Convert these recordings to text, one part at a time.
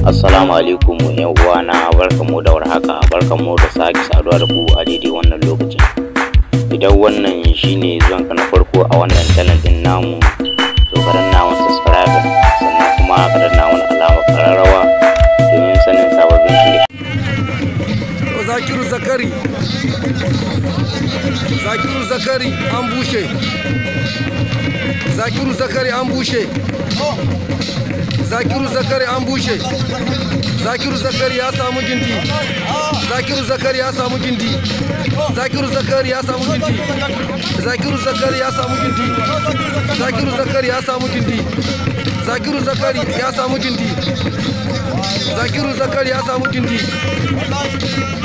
Assalamu alaikum yan uwana barkamu da warhaka barkamu da sake saduwa da ku a daidai wannan lokacin. Idan wannan shine zuwan ka na farko a wannan channel din namu to karan na wani subscriber sannan kuma ka na wani alama kararrawa domin sanin sababbin shirye. To Zakiru Zakari Zakiru Zakari an bushe Zakiru Zakari an bushe zakiru zakari an bushe zakiru zakari ya samu gindi zakiru zakari ya samu gindi zakiru zakari ya samu gindi zakiru zakari ya samu gindi zakiru zakari ya samu gindi zakiru zakari ya samu gindi zakiru zakari ya samu gindi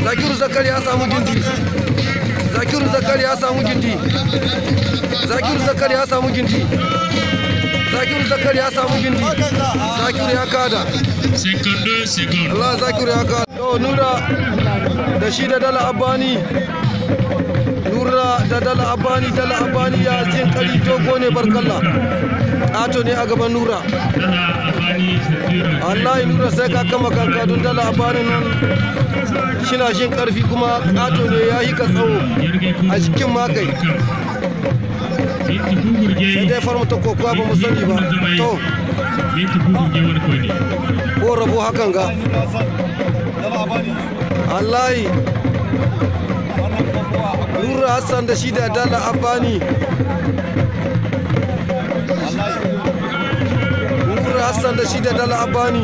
zakiru zakari ya samu gindi zakiru zakari ya samu gindi zakiru zakari ya samu gindi zakiru zakari ya samu gindi zakiru ya kada Allah zakiru ya kada to nura da shi da dala abani nura da dala abani dala abani ya jin kari dogo ne barkalla ato ne a gaban nura Allah nura sai ka kama kanka don dala abani nan shina shin karfi kuma ato ne ya yi ka tsawo a cikin makai sai dai farma ta kokowa ba mu sani ba to ko rabo hakan ga allahi nura hassan da shi da dala abani nura hassan da shi da dala abani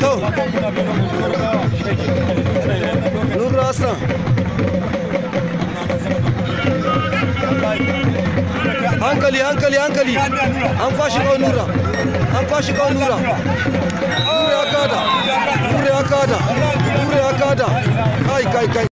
to nura hassan hankali hankali hankali an fashi kawo nura an fashi kawo nura nura ya kada nura ya kada nura ya kada kai kai kai